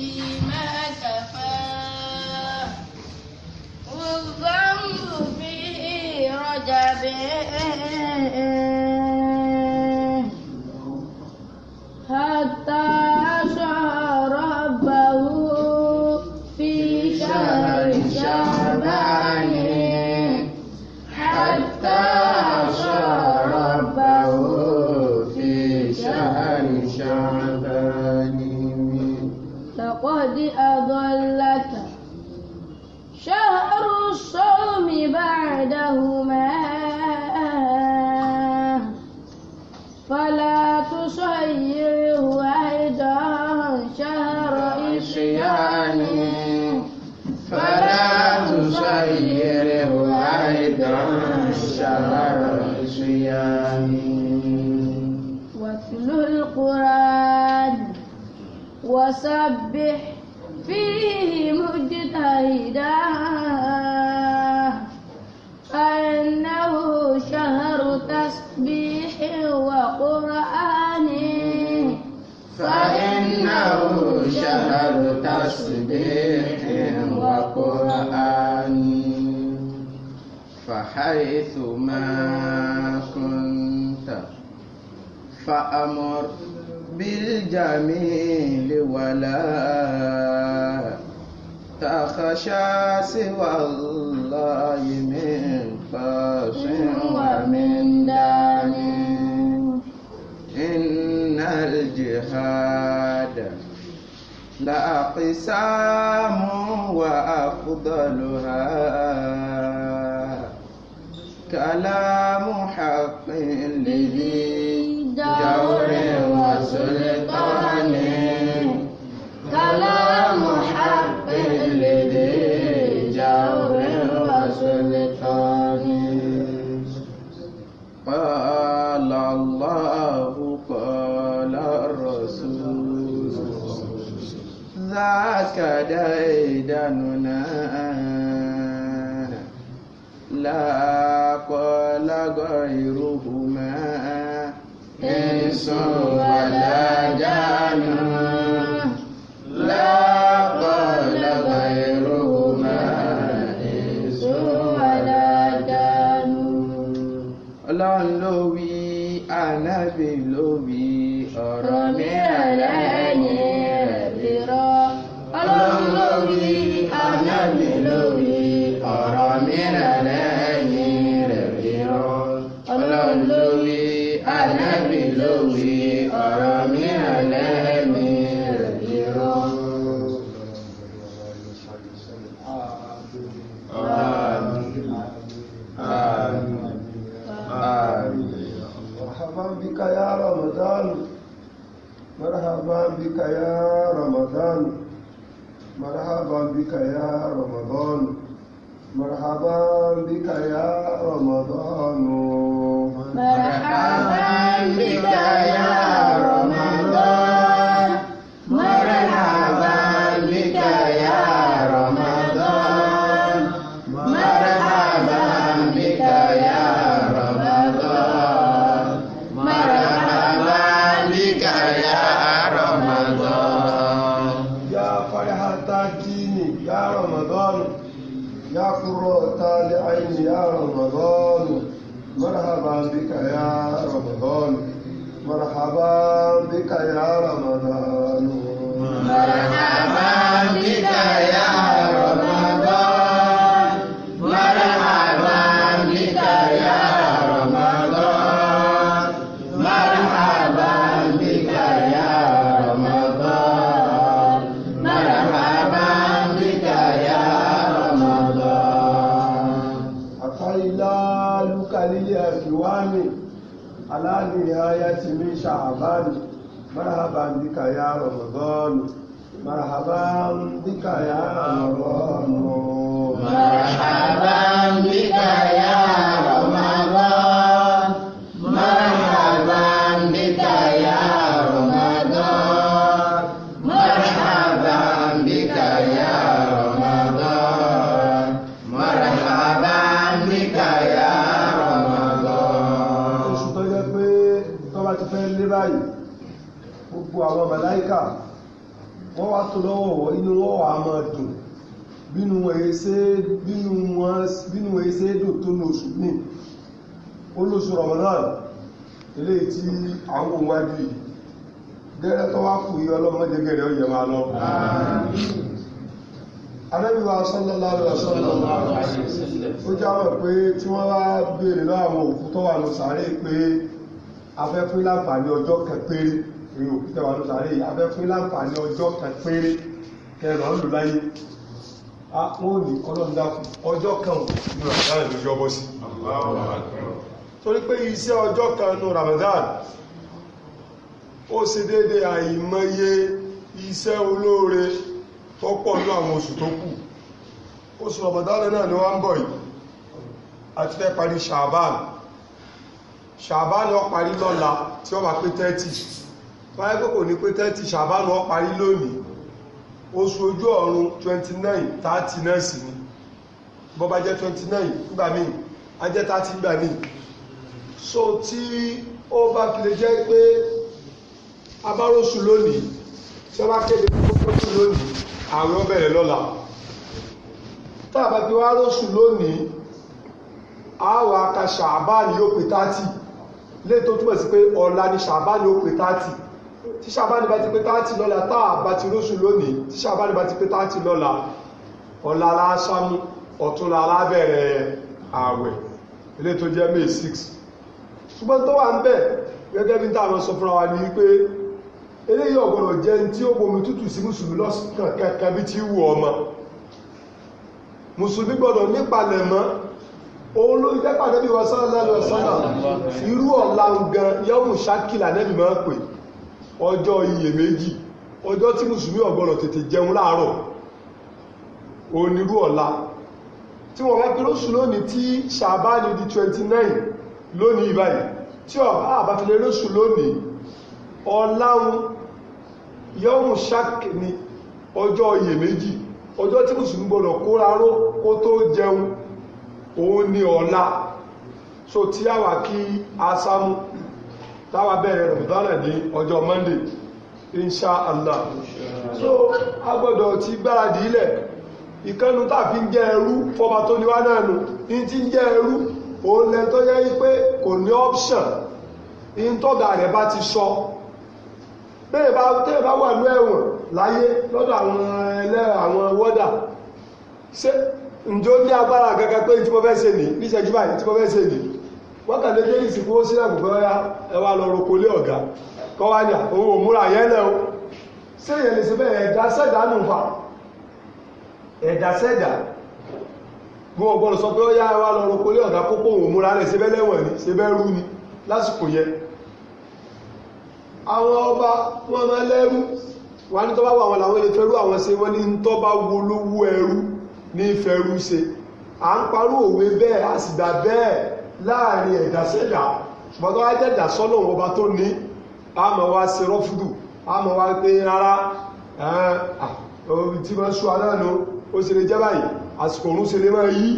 You. إنه شهر تسبيح وقرآن فحيث ما كنت فأمر بالجميل ولا تخشى سوى الله من فاش ومن دان إن الجهاد لأقسام وأفضلها كلام حق لذي جور وسلطان هكذا ديدننا لا قال غيرهما إنس ولا 对呀。bá ti fẹ́ lé báyìí gbogbo àwọn màláíkà wọ́n wá tó lọ́wọ́ wọ́n inú wọ́n wà máa dùn bínú wọ́n ṣe dùn tó lóṣù ní olóṣù Ramadan ilé tí àwọn ohun wájú yìí gẹ́rẹ́ tó wá kù yí ọlọ́mọdé gẹ́rẹ́ ó yẹ máa lọ anábíwá sallallahu alaihi wasallam ó jáwọ̀ pé tí wọ́n bá béèrè lọ́wọ́ àwọn òkú tó wà lọ sàárè pé afẹ́ fún láǹfààní ọjọ́ kan péré ìrìn òkú tẹwà ló sàárè yìí afẹ́ fún láǹfààní ọjọ́ kan péré kẹrọ ń lò láyé wọn ò ní ọlọ́run dákun ọjọ́ kan ní ramadan ló yọ bọ́ sí torí pé iṣẹ́ ọjọ́ kan ní ramadan ó ṣe déédéé àìmọye iṣẹ́ olóore tó pọ̀ ní àwọn oṣù tó kù oṣù ramadan náà ni wọ́n ń bọ̀ yìí àti fẹ́ parí ṣàbáà ṣàbánù ó parí lọ́la tí ó bá pé 30 báyé pé kò ní pé 30 ṣàbánù ó lónìí oṣù ojú ọ̀run 29 30 náà sì ni bó bá jẹ́ 29 nígbà míì a jẹ́ 30 nígbà míì so tí ó bá fi lè jẹ́ pé abárósù lónìí tí ó bá kéde kókósù lónìí ààrẹ ó bẹ̀rẹ̀ lọ́la tá a bá fi wá rósù lónìí àwa ka ṣàbáàlì yóò pé 30 lè tó túmọ̀ sí pé ọ̀la ni ṣàbáni ó pé táàtì tí ṣàbáni bá ti pé táàtì lọ́la táà bá ti róṣù lónìí tí ṣàbáni bá ti pé táàtì lọ́la ọ̀la láṣámú ọ̀túnla lábẹ̀rẹ̀ ààwẹ̀ ilé tó jẹ́ may 6 ṣùgbọ́n tó wà ń bẹ̀ gẹ́gẹ́ bí táwọn sọ fúnra wa ní wípé eléyìí ọ̀gbọ̀nà jẹ́ tí ó bomi tútù sí mùsùlùmí lọ́sàn kẹ̀kẹ́ bí tí wù ọmọ mùsùlùmí gbọ́dọ̀ nípalẹ̀mọ́ òun ló ń tẹ́pà nẹ́bí wọ sọ́nà lọ sọ́nà irú ọ̀la gan yẹ́wù ṣákìlà nẹ́bí máa pè ọjọ́ iyèméjì ọjọ́ tí mùsùlùmí ọ̀gbọ́dọ̀ tètè jẹun láàárọ̀ onírú ọ̀la tí wọ́n fẹ́ pẹ́lọ́sù lónìí tí ṣàbá ní di 29 lónìí ìbáyìí tí ọ̀bá àbáfilẹ̀ lóṣù lónìí ọ̀láhun yọ́mù ṣák ní ọjọ́ iyèméjì ọjọ́ tí mùsùlùmí gbọ́dọ̀ kóraró kó tó jẹun o ni ọlá so tí a wà kí asámú táwa bẹ̀rẹ̀ rọ̀bùdánà ní ọjọ́ monde insha allah so a gbọ́dọ̀ ti gbáradì ilẹ̀ ìkánu fi ń jẹ́ ẹrú fọba tó níwá náà nù ní ti ń jẹ́ ẹrú òun lẹ tó yẹ pé kò option in tọ́gà rẹ̀ ti sọ bẹ́ẹ̀ bá tẹ́ẹ̀ bá wà ní ẹ̀wọ̀n láyé lọ́dọ̀ àwọn ẹlẹ́ ǹjẹ́ o ní agbára kankan kpe tí mo n'i ṣe nìí níṣẹ́jú báyìí tí ni fẹ́ ṣe nìí wákàtí tó ní ìsìnkú ó sí àkùkọ ẹwà lọ roko lé ọ̀gá kọ́ wá ní owó múra o ṣé èyàn lè ṣe bẹ́ẹ̀ sọ ẹwà lọ roko lé ọ̀gá kókó òun múra ni ọba wọn máa wọn ní tọ́ bá làwọn ní fẹ́rú ṣe à ń parú òwe bẹ́ẹ̀ a sì dà bẹ́ẹ̀ láàrin ẹ̀dá sẹ́dá ṣùgbọ́n tó wá jẹ́ ẹ̀dá sọ́nà ọba tó ní a mọ̀ wá ṣe rọ́fùdù a mọ̀ wá pé rárá tí wọ́n sọ aná lọ ó ṣe lè jẹ́ báyìí àsìkò òun ṣe lè máa yí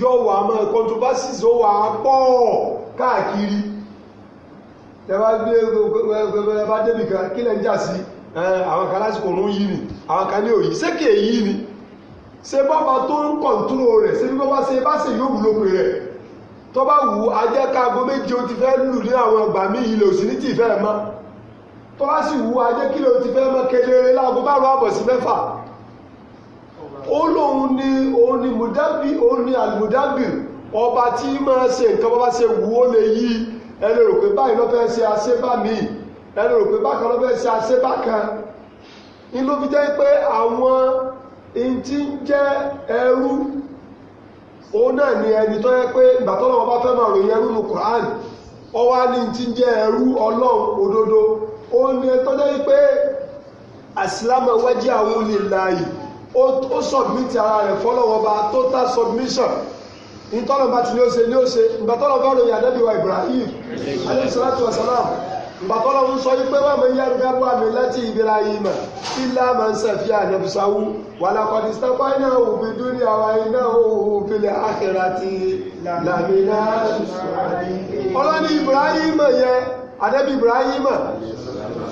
yóò wà mọ́ controversies ó wà pọ̀ káàkiri tẹ́bá gbé ẹbá débìkan kí lẹ́ ń jà sí àwọn kan lásìkò òun yí ni ṣe bọ́ba tó ń kọ̀ǹtúrò rẹ̀ ṣe bí bọ́ba ṣe bá ṣe yóò wúlò pé rẹ̀ tó bá wù ú ajẹ́ ká aago méje ó ti fẹ́ lù ní àwọn ọgbà mí ilé òsì ní tì fẹ́ mọ́ tó bá sì wù ú ajẹ́ kí ló ti fẹ́ mọ́ kedere láago márùn-ún àbọ̀ sí mẹ́fà ó lóun ni òun ni mùdábì òun ni àlùmùdábì ọba tí máa ṣe nǹkan bọ́ba ṣe wù ó lè yí ẹni rò pé báyìí lọ́fẹ́ ṣe aṣébà míì ẹni rò pé bákan lọ́fẹ́ ṣe aṣébà kan ni ló fi jẹ́ pé àwọn in ti ń jẹ́ ẹrú òun náà ni ẹni tó yẹ pé ìgbà bá fẹ́ máa ròyìn ẹrú nu Qur'an ó wá ní ti ń jẹ́ ẹrú ọlọ́run òdodo ó ní ara rẹ̀ fọ́lọ́wọ́ bá total submission ìtọ́lọ̀ bá ti ní ó ṣe ní ó ṣe Ibrahim salatu bàtọ́lọ́ ń sọ wípé wọ́n mọ̀ yẹ́rùgá bọ́ àmì láti Ibrahima ilá máa ń sẹ̀fí ànẹ́bùsáwú wà lákọ̀dí sápá iná òbí dúrí àwa iná òhun fílẹ̀ àkẹrà ti làmìnà ọlọ́ni Ibrahima yẹ àdẹ́bí Ibrahima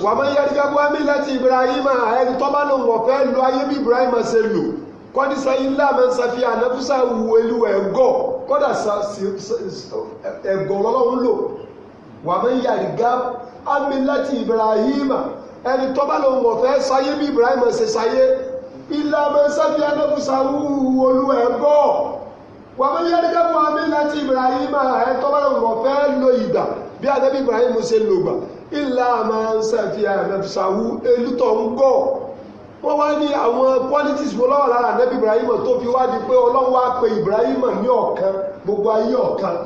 wà mọ̀ yẹ́rùgá bọ́ àmì láti Ibrahima ẹni tó bá lò wọ̀ fẹ́ lo ayé bí Ibrahima ṣe lò kọ́dí sọ ilá máa ń sẹ̀fí ànẹ́bùsáwú ẹ̀gọ́ kọ́dà ẹ̀gọ́ ọlọ́run lò wà mọ̀ yẹ́rùgá amílẹ́tì ibrahim ẹni tó bá lòun ọ̀fẹ́ sáyé bí ibrahim ṣe sáyé ilẹ̀ amẹ́sẹ́bí anábùsáwù olú ẹ̀ bọ̀ wà mí yẹn nígbà fún amílẹ́tì ibrahim ẹni tó bá lòun ọ̀fẹ́ lo ìgbà bí anábì ibrahim ṣe lò gbà ilẹ̀ amẹ́sẹ́bí anábùsáwù elútọ̀ ń gọ̀ wọ́n wá ní àwọn qualities wo lọ́wọ́ lára anábì ibrahim tó fi wá di pé ọlọ́wọ́ á pe ibrahim ní ọ̀kan gbogbo ayé ọ̀kan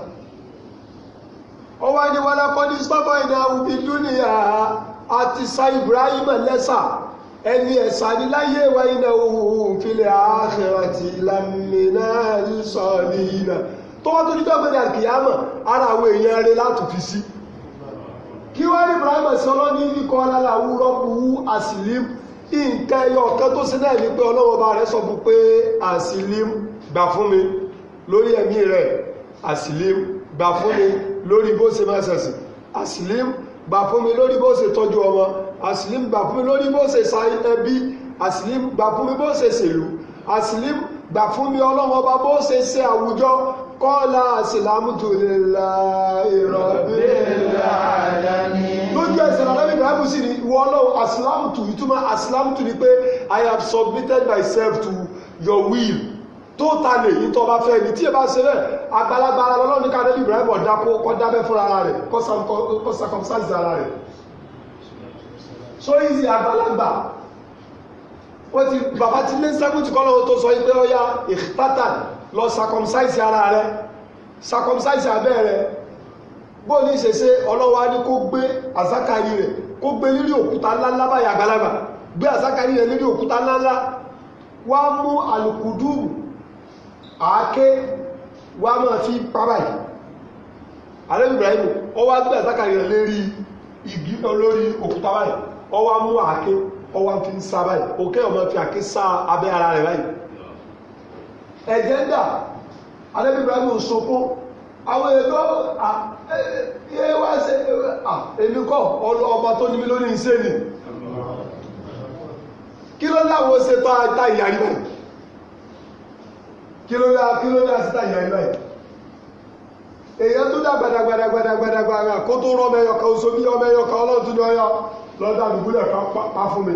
ó wá ní wọlé kọ́ni sábà iná òbí dúnìyà àti sa Ibrahim lẹ́sà ẹni ẹ̀sà ní láyé wa iná òun fílẹ̀ àkẹ́rọ̀tì lámìnà sọ̀rọ̀ iná tó wá tó ní dọ́gbẹ́ni àkìyámọ̀ ara àwọn èèyàn rẹ̀ látò fi sí kí wọ́n rí Ibrahim sọ́lọ́ ní kíkọ́ lára wúrọ́pù àsìlím nǹkan ẹyọ ọ̀kan tó sí náà ní pé ọlọ́wọ́ bá rẹ̀ sọ pé àsìlím gbà fún mi lórí ẹ̀mí rẹ̀ àsìlím gbà fún mi lórí bó ṣe máa ṣẹ̀sìn àsìlím gbà fún mi lórí bó ṣe tọ́jú ọmọ àsìlím gbà fún mi lórí bó ṣe sa ẹbí àsìlím gbà fún mi bó ṣe ṣèlú àsìlím gbà fún mi ọlọ́wọ́n bá bó ṣe ṣe àwùjọ kọ́lá àsìlámùtò lèlà ìrọ̀bílà lójú ẹsẹ̀ làlámì ibrahim sì ni ìwọ ọlọ́wọ́ àsìlámùtò ìtumọ̀ àsìlámùtò ni pé I have submitted myself to your will tó ta lè yí tó bá fẹ́ ni tí ẹ bá ṣe bẹ́ẹ̀ àgbàlagbà ara lọ́lọ́ ní kárẹ́lì Ibrahim ọ̀dà kó kọ́ dábẹ́ fúnra rẹ̀ kọ́ circumcise ara rẹ̀ so easy àgbàlagbà wọ́n ti bàbá ti lé sẹ́kùtì kọ́ lọ́wọ́ tó sọ pé ó yá ìtàtà lọ circumcise ara rẹ̀ circumcise abẹ́ rẹ̀ bóò ní ṣe ṣe ọlọ́wọ́ á ní kó gbé àzákàrí rẹ̀ kó gbé lírí òkúta ńláńlá báyìí àgbàlagbà gbé àzákàrí rẹ̀ lírí òkúta ńláńlá wá mú àáké wá máa fi pàbà yìí alẹ́bí Ibrahim ó wá gbé àzákàríyàn lérí igi olórí òkúta báyìí ó wá mú àáké ó wá fi ń sá báyìí òkè ó máa fi àáké sá abẹ́ ara rẹ̀ báyìí ẹ̀jẹ̀ ń dà alẹ́bí Ibrahim ń sunkún àwọn èdò ẹwà ṣe èmi kọ́ ọba tó níbi lórí ìṣẹ́ ni kí ló láwọn ṣe tó àtà ìyàrí báyìí kí ló dá kí ló dá síta yẹn lọ yìí èèyàn tó dá gbadagbada gbadagbada gbadagbada kó tó rọ ọmọ ẹyọkọ oṣù bí ọmọ ẹyọkọ ọlọ́run tó ní ọyọ lọ́dọ̀ àdúgbò lẹ̀ kan pa fún mi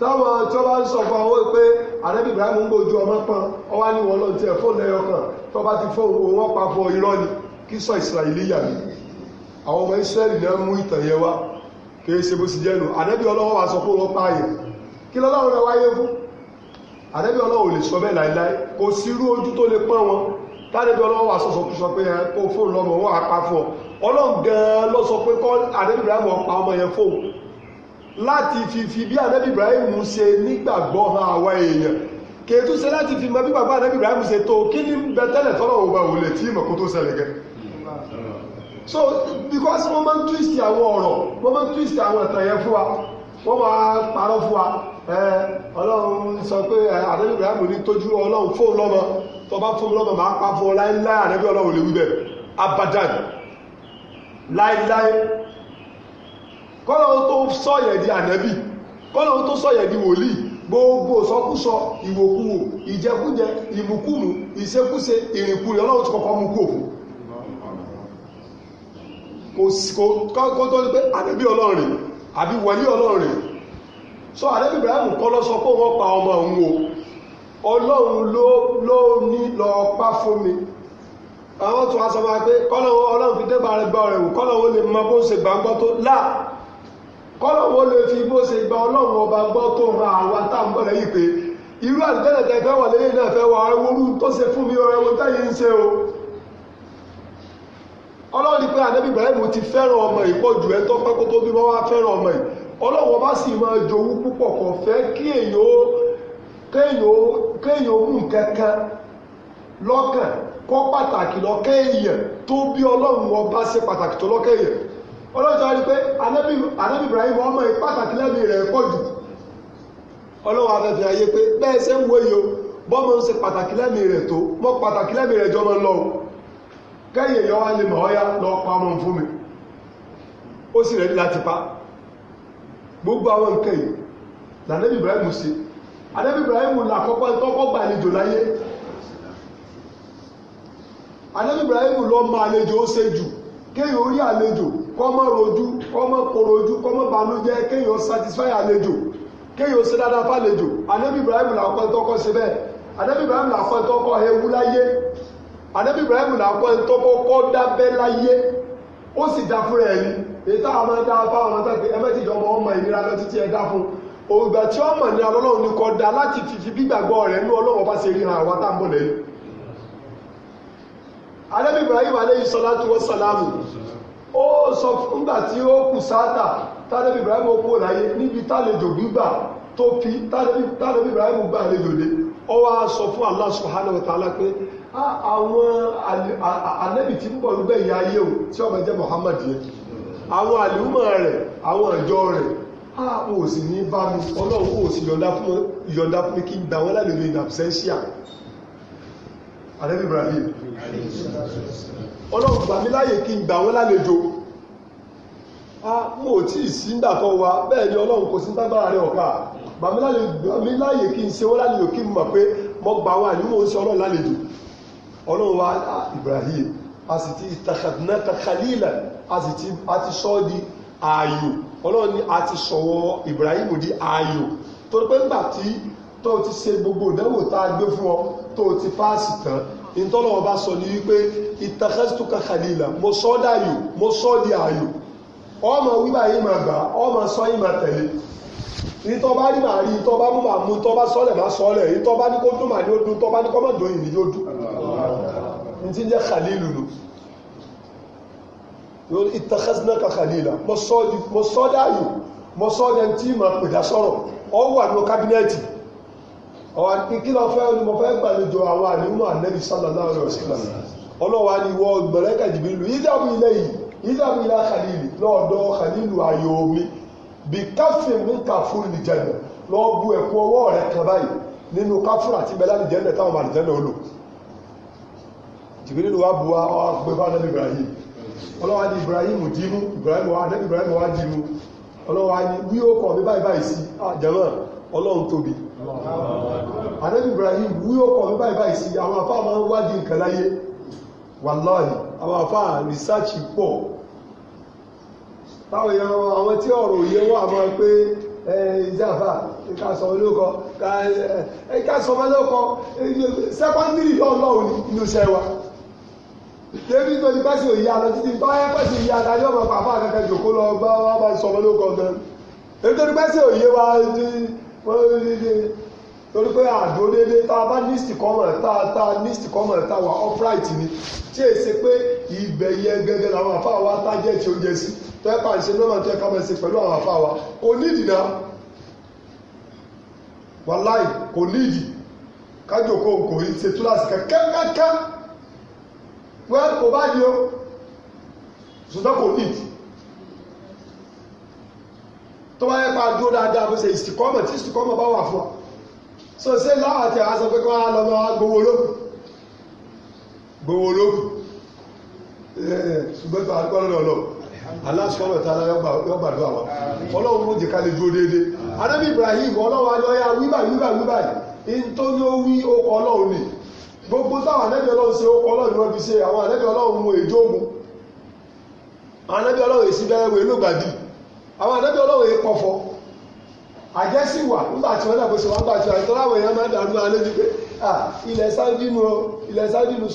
táwọn tí wọ́n bá ń sọ fún àwọn pé àrẹ́bí Ibrahim ń gbójú ọmọ pọn ọwá ní wọn lọ́n ti ẹ̀ fóònù ẹyọ kan tó bá ti fóònù òun wọ́n pa fún irọ́ ni kí sọ Ìsìràìlì yà mí àwọn ọmọ Ísírẹ́lì náà mú ìtàn yẹn wá kì í ṣe bó ti jẹ́nu àrẹ́bí ọlọ́wọ́ wa sọ fún wọn pààyàn kí lọ́lọ́run rẹ̀ wáyé fún àdẹ́bí ọlọ́wọ̀ lè sọ bẹ́ẹ̀ láìláì kò sí irú ojú tó lè pọ́n wọn tádẹ́bí ọlọ́wọ̀ wà sọ̀sọ̀ tó sọ pé ẹ kó fóònù lọ́mọ wọn àpá fún lọ sọ pé kọ́ àdẹ́bí Ibrahim pa ọmọ yẹn fóònù láti fi bí àdẹ́bí Ibrahim ṣe nígbàgbọ́ han àwa èèyàn kèétú ṣe láti fi mọ bí bàbá àdẹ́bí Ibrahim ṣe tó kí ni bẹ tọ́lọ̀ wò so because wọ́n twist àwọn ọ̀rọ̀ wọ́n twist àwọn ìtàn yẹn fún wa wọ́n máa parọ́ fún wa sọ pé eh, àdébí ibrahim ní tójú ọlọ́run fóun lọ́mọ tó bá fóun lọ́mọ máa pa fún ọ láéláé àdébí ọlọ́run lè wí bẹ́ẹ̀ abadan láéláé kọ́lọ́run tó sọ̀yẹ̀ di ànábì kọ́lọ́run tó sọ̀yẹ̀ di wòlíì gbogbo sọkúsọ ìwòkúwò ìjẹkújẹ ìmùkúmù ìṣekúṣe ìrìnkúrẹ ọlọ́run ti kọ́kọ́ mú kú òfin kò tó ní pé ànábì ọlọ́run àbí wòlíì ọlọ́run so àrẹ́bí Ibrahim kọ́ lọ sọ pé wọ́n pa ọmọ òun o ọlọ́run ló ní lọ pa fún mi àwọn tó wá sọ máa pé kọ́lọ́wọ́ ọlọ́run fi débà rẹ̀ gbọ́ rẹ̀ wò kọ́lọ́wọ́ lè mọ bó ṣe gbàgbọ́ tó là kọ́lọ́wọ́ lè fi bó ṣe gba ọlọ́run gbọ́ tó ra fún mi ń o ọlọ́run ni pé àdébí ti fẹ́ràn ọmọ ìpọ̀jù tó pẹ́ kó tó ọlọ́wọ́ bá sì máa jowú púpọ̀ kò fẹ́ kí èèyàn ó mú kankan lọ́kàn kọ́ pàtàkì lọ́kẹ́ èèyàn tó bí ọlọ́run ọba ṣe pàtàkì tó lọ́kẹ́ èèyàn ọlọ́run sọ pé anábì Ibrahim ọmọ yìí pàtàkì lẹ́mìí rẹ̀ pọ̀ jù ọlọ́run afẹ́fẹ́ ayé pé bẹ́ẹ̀ ṣe ń wòye o bọ́mọ ń ṣe pàtàkì lẹ́mìí rẹ̀ tó mọ́ pàtàkì lẹ́mìí rẹ̀ jọmọ lọ o kẹ́yìn èèyàn wá lè mọ̀ ọ́ yá lọ pa ọmọ fún mi ó sì rẹ̀ láti pa gbogbo nke nǹkan na anabi Ibrahim si anabi Ibrahim là kọ́kọ́ tọ́kọ́ gbà àlejò láyé ànàbí Ibrahim lọ mọ àlejò ó ṣe jù kéèyàn orí àlejò kọ́mọ rojú kọ́mọ korojú kọ́mọ banújẹ́ kéèyàn satisfy àlejò kéèyàn dada fa alejo anabi Ibrahim là kọ́kọ́ tọ́kọ́ ṣe bẹ́ẹ̀ anabi Ibrahim là kọ́kọ́ tọ́kọ́ ewu láyé anabi Ibrahim là kọ́kọ́ tọ́kọ́ kọ́ dabe láyé ó sì dá fúnra ẹni. ní ètò àwọn ẹ̀dá afọ ọ̀nà tẹ́gbẹ́ ẹmẹ́tìjọ ọmọ ọmọ ìnira lọ títí ẹ̀dá fún ògbà tí ọmọ ní ọlọ́run ní kọ́ da láti fífi gbígbàgbọ́ rẹ̀ ní ọlọ́run ọba ṣe ríran àwa tá ń lẹ́yìn alẹ́bí Ibrahim aleyhi salatu wa ó sọ fúngbà tí ó kù sáátà tálẹ́bí Ibrahim ó kú láyé níbi tálejò gbígbà tó fi tálẹ́bí sọ fún Allah subhanahu wa ta'ala pé ah, àwọn alẹ́bí ń bọ̀ ayé Muhammad yẹn àwọn àlùmọ̀ rẹ̀ àwọn ìjọ rẹ̀ ààbò sì ní bá mi ọlọ́run kò sì yọ̀ǹda fún mi kí n gbà wọ́n lálejò in absentia àrẹ́bí Ibrahim ọlọ́run gbà mí láyè kí n gbà wọ́n lálejò a mò tí ì sí ńgbà kan wa bẹ́ẹ̀ ni ọlọ́run kò sí tágbára rẹ̀ ọ̀pá gbà mí láyè kí n ṣe wọ́n lálejò kí n mọ̀ pé mo gbà wà ní mò Ibrahim a sì ti ìtàkàdínà kàkàlílà a ti sọ di ààyò ọlọ́run ni a ti sọ̀wọ́ Ibrahim di ààyò tó pé ńgbà tí tó ti ṣe gbogbo ìdánwò tá a gbé fún ọ tó ti páàsì tán ìtọ́lọ́wọ́ bá sọ ní wípé ìtàkẹ́sítúkà kàlílà mo sọ dààyò mo sọ di ààyò ọmọ wíwà yìí máa gbà ọmọ sọ yìí máa tẹ̀lé ìtọ́ bá rí màá rí ìtọ́ bá mú màá mú ìtọ́ bá sọ́lẹ̀ má sọ́lẹ̀ ìtọ́ bá ní kó dùn màá ní ó dùn ìtọ́ bá ní kó mọ̀ dùn ìní yóò dùn ní ti jẹ́ kàlílù nù yóò ní ìtàkásínà kàkàlélà mo sọ dáyò mo sọ dẹni tí mà pèdà sọ̀rọ̀ ọ wà ní kábínẹ́ẹ̀tì ọ̀wà kí lọ fẹ́ ni mo fẹ́ gbàlejò àwọn àníwò ànẹ́bí sallallahu alaihi wasallam ọlọ́wà ni wọ ìgbẹ̀rẹ́kà jìbìlù ìdàbù ilẹ̀ yìí ìdàbù ilẹ̀ kàlílì lọ́ọ̀dọ́ kàlílù ayò omi bí káfí mi kà fún ìjẹ̀nà lọ bu ẹ̀kún ọwọ́ rẹ̀ kan báyìí nínú káfún àti bẹ́lá ìjẹ̀nà táwọn àlìjẹ́nà olò jìbìlù wa bu wa ọgbẹ́ fún ànẹ́bí Ibrahim ọlọ́wà ní Ibrahim dìímú Ibrahim wà nẹ́bí ọlọ́wà ní wí ó kọ̀ mi báyìí báyìí sí ah, àjẹ́mọ́ ọlọ́run tóbi anẹ́bí Ibrahim wí ó kọ̀ mi báyìí báyìí sí àwọn afá ń nǹkan láyé àwọn afá rìsáàchì pọ̀ táwọn àwọn tí ọ̀rọ̀ òye wà máa pé ìjàfà débi tó ti pẹ́sì òyìí àlọ́ títí tó ayé pẹ́sì òyìí àtàjọ́ ọmọ pàpà kankan jòkó lọ gbá wá bá sọmọ ló kọ̀ọ̀kan nítorí pẹ́sì òyìí wa ti wọ́n rí rí torí pé àdó déédéé tá a bá ní ìsìkọ́mọ̀ tá a tá a ní ìsìkọ́mọ̀ tá a wà upright ni tí èyí ṣe pé ibẹ̀ yẹ gẹ́gẹ́ làwọn àfa wa tájẹ́ ti oúnjẹ sí tẹ́pà ń ṣe lọ́nà tẹ́ ká máa ṣe pẹ̀lú àwọn àfa wa kò nídìí náà wàláì kò nídìí kájòkó kò ní ṣe túláàsì kẹ́kẹ́kẹ́ well kò bá di o ṣùgbọ́n kò ní ìdí tó bá yẹ pa dúró dáadáa bó ṣe ìsìkọ́mọ̀ tí ìsìkọ́mọ̀ bá wà fún ọ so ṣé láwọn àti àwọn sọ pé kí wọ́n á lọ bá gbowó olókùn gbowó olókùn ṣùgbọ́n tó àgbọ́n lọ́dọ̀ lọ aláṣọ́lọ̀ tààrà yọ́gbàdúwà wọn ọlọ́run ló jẹ́ ká lè dúró déédé anábì Ibrahim ọlọ́run ayọ́yá wíbà wíbà wíbà in tó ní ó wí ọkọ̀ ọlọ́run nìí gbogbo táwọn ànábì ọlọ́run ṣe ó kọ́ ọlọ́run ni wọ́n fi ṣe àwọn ànábì ọlọ́run mú èjó ogun àwọn ànábì ọlọ́run èsì bẹ́ẹ̀ wẹ̀ lógbàdì àwọn ànábì ọlọ́run àjẹsí wà nígbà tí wọ́n wọn gbà tí wọ́n èèyàn máa dàrú pé ilẹ̀ nu ilẹ̀ nu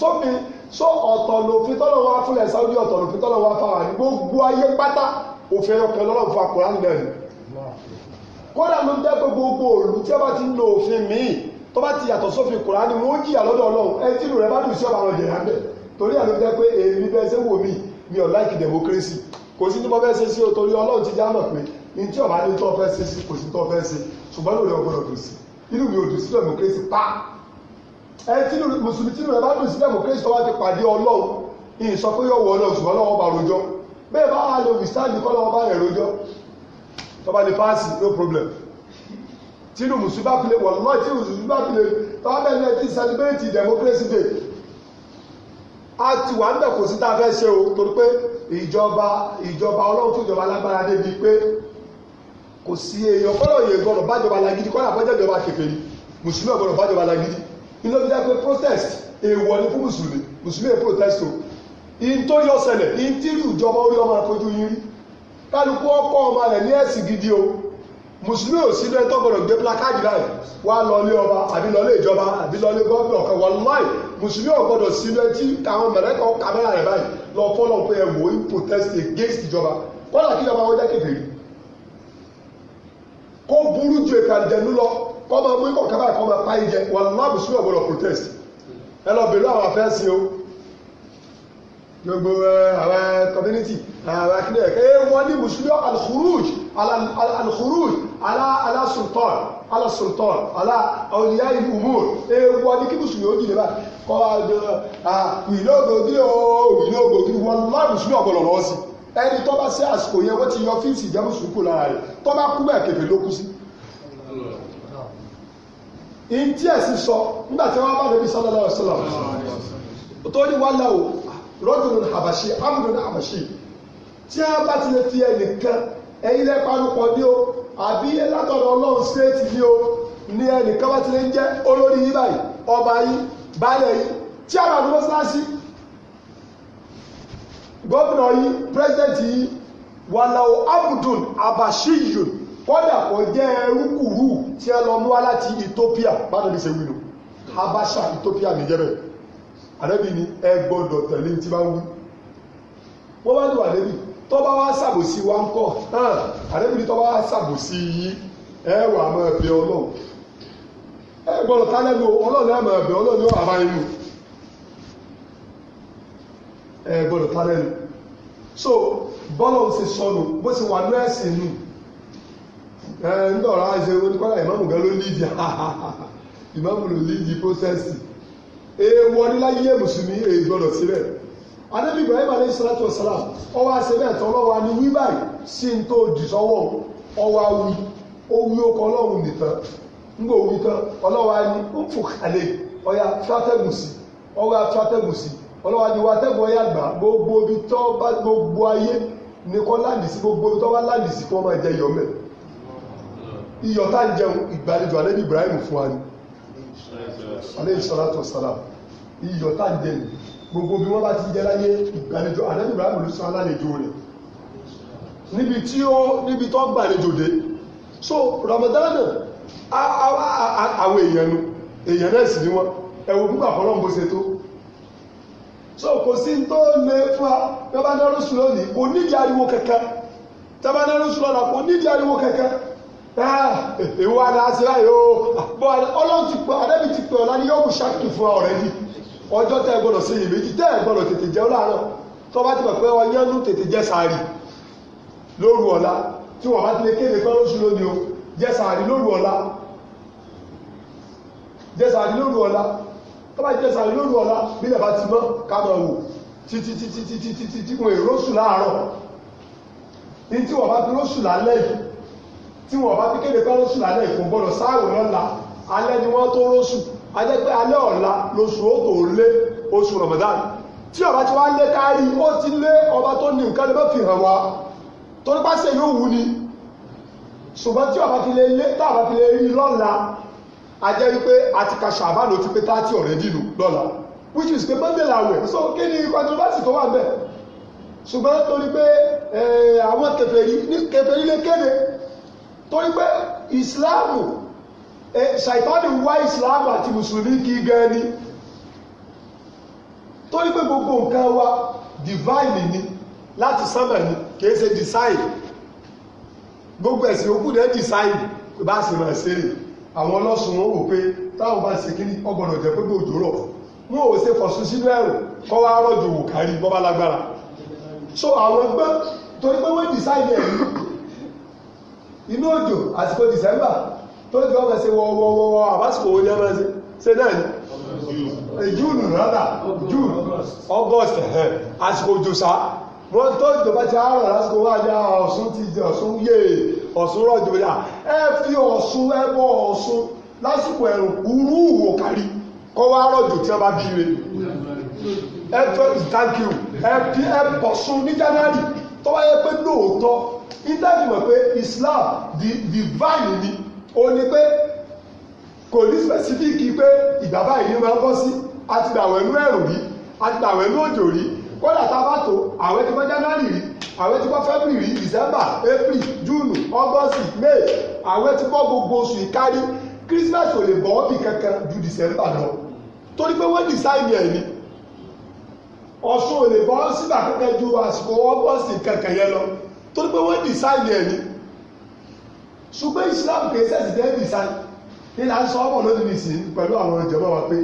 ọ̀tọ̀ lòfin tọ́lọ̀ wá fúnlẹ̀ ọ̀tọ̀ lòfin tọ́lọ̀ wá gbogbo gbogbo òòlù tí bá tó bá ti yàtọ̀ sófin kùránì wọn ó jìyà lọ́dọ̀ ọlọ́run ẹ tí ìlú rẹ bá dùn sí ọ̀bà àwọn jẹ̀yà bẹ̀ torí àlọ́ jẹ́ pé èmi bẹ́ẹ̀ ṣe wò mí mi ò láìkì democracy kò sí ní bọ́ fẹ́ ṣe sí o torí ọlọ́run ti já mọ̀ pé ní tí ọ̀bá ní tó fẹ́ ṣe sí kò sí tó fẹ́ ṣe ṣùgbọ́n lórí ọgbọ́dọ̀ dùn sí inú mi ò dùn sí democracy pa ẹ tí ìlú mùsùlùmí tí ìlú rẹ bá dùn sí democracy tó bá ti pàdé ọlọ́run ìyìn sọ pé yóò wọ ọlọ́run ṣùgbọ́n lọ́wọ́ bá rojọ́ bẹ́ẹ̀ bá wà lè withstand kọ́ lọ́wọ́ bá rẹ̀ tínú mùsùlùmí bá file wọ̀ lọ́ọ̀ tí mùsùlùmí bá file tọ́wọ́ bẹ́ẹ̀ ní ẹtí celebrate democracy day a ti wà níbẹ̀ kò sí tá a fẹ́ ṣe o torí pé ìjọba ìjọba ọlọ́run fún ìjọba alágbára débi pé kò sí èèyàn kọ́lọ̀ yẹn gbọ́dọ̀ bájọba lagidi kọ́lọ̀ àbọ̀jẹ̀ ìjọba kèfèrí mùsùlùmí ọ̀gbọ́dọ̀ bájọba lagidi iná bí dáa pé protest èèwọ̀ ni fún mùsùlùmí mùsùlùmí è protest o in tó yọ ṣẹlẹ̀ in tí ìjọba orí ọmọ àfojú yín rí kálukú ọkọ ọmọ rẹ̀ ní ẹ̀sìn gidi o mùsùlùmí ò sí lẹ́tọ́ gbọ́dọ̀ gbé plakadi báyìí wá lọlé ọba àbí lọlé ìjọba àbí lọlé gómìnà kan wọn láì mùsùlùmí ò gbọ́dọ̀ sí lẹ́tí àwọn mẹ̀rẹ́kọ̀ kámẹ́rà rẹ̀ báyìí lọ fọ́lọ́ pé ẹ wò ó protest against ìjọba kọ́lá kí ìjọba wọn jẹ́ kékeré kó burú ju ètò àjẹnú lọ kọ́ máa mú ikọ̀ kábàá kọ́ máa pa ìjẹ wọn láì mùsùlùmí ò gbọ́dọ̀ protest ẹ lọ bẹ̀rù àwọn afẹ́sìn o gbogbo eh, àwọn community àwọn akílẹ̀ ẹ̀ wọ́n ní musulmi alkhuruj alkhuruj alasultan alasultan ala awliya umur ẹ̀ wọ́n ní kí musulmi ó dìde báyìí kọ́ àjọ ìlógógí ìlógógí wọn láì musulmi ọ̀gbọ̀lọ̀ lọ́wọ́ sí ẹni tó bá sí àsìkò yẹn wọ́n ti yọ fíìsì ìjẹ́ musulmi kò lára rẹ̀ tó bá kú bẹ́ẹ̀ kẹfẹ́ ló kú sí ìntí ẹ̀sìn sọ nígbà tí wọ́n bá rọ́dùnún àbàṣe amúdùn àbàṣe tí a bá ti lè fi ẹnìkan ẹ̀yin lẹ́ panupọ̀ ní o àbí látọ̀dọ̀ ọlọ́run síréètì ní o ní ẹnìkan bá ti lè ń jẹ́ olórí yín báyìí ọba yín baálẹ̀ yín tí a bá dúró sáàsì gómìnà yín pírẹsidẹ́ǹtì yín wàlàó amúdùn àbàṣe yìí kọ́dà kò jẹ́ ẹrúkúrú tí a lọ mú wá láti Ethiopia bá dọ̀ ní sẹ́wìn Ethiopia nìjẹ́ ànábì ni ẹ gbọ́dọ̀ tẹ̀lé ní bá wú wọ́n bá ń lò tọ́ bá wá sàbòsí wa ń kọ́ ànábì ni bá wá ṣàbòsí yìí ẹ wà á máa bẹ ọlọ́run ẹ gbọ́dọ̀ lẹ́nu ọlọ́run náà máa bẹ ọlọ́run yóò àbá inú ẹ gbọ́dọ̀ so bọ́lọ̀ ń ṣe sọnù bó ṣe wà ní ẹ̀sìn ẹ ń dọ̀rọ̀ àìṣe gan ló lídìí ló lídìí èèwọ̀ ní láyé mùsùlùmí èyí gbọ́dọ̀ síbẹ̀ anabi ibrahim aleyhi salatu wasalam ọwọ́ àṣẹbẹ̀ ẹ̀tọ́ ọlọ́wọ́ ni wí báyìí n tó ọwọ́ awi ó wí ọlọ́run nìkan ńgbò wí tán ọlọ́wọ́ ni ọya ọwọ́ ni wà gbogbo gbogbo ayé gbogbo bá láàdì sí kọ́ máa jẹ iyọ̀ mẹ́ aleyhi salatu wasalam iyọ̀ tá ń jẹ ní gbogbo bí wọ́n bá ti jẹ láyé ìgbàlejò àdẹ́bí ibrahim ló sọ alálejò rẹ̀ níbi tí ó níbi tó gbàlejò dé so ramadan àwọn èèyàn nu èèyàn náà sì ni wọn ẹ̀wọ̀n gbígbà fọlọ́n bó ṣe tó so kò sí tó lè fún a bí wọ́n bá dáró sùn lónìí kò nídìí ariwo kankan tí wọ́n bá dáró sùn lọ́la kò nídìí ariwo kankan ìwọ adásílá yo. o bọ́ ọlọ́run ti pẹ́ adébí ti pẹ́ ọ̀la ni yóò mú ṣáàkì fún ọ rẹ ni ọjọ́ tẹ́ ẹ gbọ́dọ̀ sí iyèméjì tẹ́ ẹ gbọ́dọ̀ tètè jẹ́ láàárọ̀ tó bá ti mọ̀ pé ọ yánú tètè jẹ́ sàárì lóru ọ̀la tí wọ́n bá ti lè kéde pé lóṣù lónìí o jẹ́ sàárì lóru ọ̀la jẹ́ sàárì lóru ọ̀la tó bá jẹ́ sàárì lóru ọ̀la bílẹ̀ bá ti mọ́ ká máa wò títí títí títí títí tí mo èrò sùn láàárọ̀ ní tí wọ́n bá fi lóṣù lálẹ́ yìí tí wọ́n bá fi kéde pé rọ́ṣù lálẹ́ ìkò gbọ́dọ̀ sáàwẹ̀ lọ́la alẹ́ ni wọ́n tó rọ́ṣù ajẹ́ pé alẹ́ ọ̀la lóṣù ó tó lé oṣù Ramadan tí ọba ti wá lé kárí ó ti lé ọba tó ní nǹkan lè fi hàn wá torí pàṣẹ yóò wù ni ṣùgbọ́n tí ọba fi lè lé tá ọba fi lè rí lọ́la ajẹ́ wípé àti ka ṣàbán ló ti pé táàtì ọ̀rẹ́ dìlù lọ́la which is pé monday làwẹ̀ so kí ni controversy tó wà bẹ́ẹ̀ ṣùgbọ́n torí pé eh, àwọn kèfèrí ní kèfèrí lè kéde torí pé ìsìláàmù ṣàìtọ́nì wá ìsìláàmù àti mùsùlùmí kí gan ni torí pé gbogbo nǹkan wa divine ni láti sánmà ni kìí ṣe design gbogbo ẹ̀sìn òkú dẹ̀ design bá sì máa ṣe rè àwọn ọlọ́sùn wọn wò pé táwọn bá ṣe kí ni ọgbọ̀nà jẹ́ pé gbòòjò rọ̀ wọn ò ṣe fọ̀sùn sínú ẹ̀rù kọ́ wá rọ̀jò wò kárí bọ́bá lágbára so àwọn gbẹ́ torí pé wọ́n design ẹ̀rí inú òjò àsìkò dìsẹ́mbà tó ti ọmọ ṣe wọ́wọ́wọ́wọ́ àbásìkò owó yẹn máa ṣe ṣe náà ni june rather. june august àsìkò òjò sá wọ́n tó ìjọ bá ti àárọ̀ lásìkò wá yá ọ̀ṣun ti jẹ ọ̀ṣun yé ọ̀ṣun rọ̀jò yá ẹ fi ọ̀ṣun ẹ bọ ọ̀ṣun lásìkò ẹ̀rùn kúrú wò kárí kọ́ wá rọ̀jò tí wọ́n bá bí re ẹ thank you ẹ bí ẹ ní january tó wáyé pé lóòótọ́ nítorí mọ̀ pé Islam divine ni ó ní pé kò ní specific pé ìgbà báyìí ni máa ń bọ́ sí àti gbàwẹ̀ inú ẹ̀rùn rí àti gbàwẹ̀ inú òjò rí kódà tá a bá tó àwẹ̀ tí wọ́n January rí àwẹ̀ tí wọ́n February rí December April June August May àwẹ̀ tí wọ́n gbogbo oṣù ìkárí Christmas ò lè bọ̀ ọ́bì kankan ju December lọ torí pé wọ́n design yẹn ni Ọ̀ṣun ò lè bọ́ síbà kankan ju àsìkò August kankan yẹn lọ torí pé wọ́n dìsáìdì ẹ̀ ní ṣùgbọ́n Islam kì í sẹ́sì jẹ́ dìsáìdì ní là ń sọ ọmọ lónìí nìsí pẹ̀lú àwọn ìjọba wa pé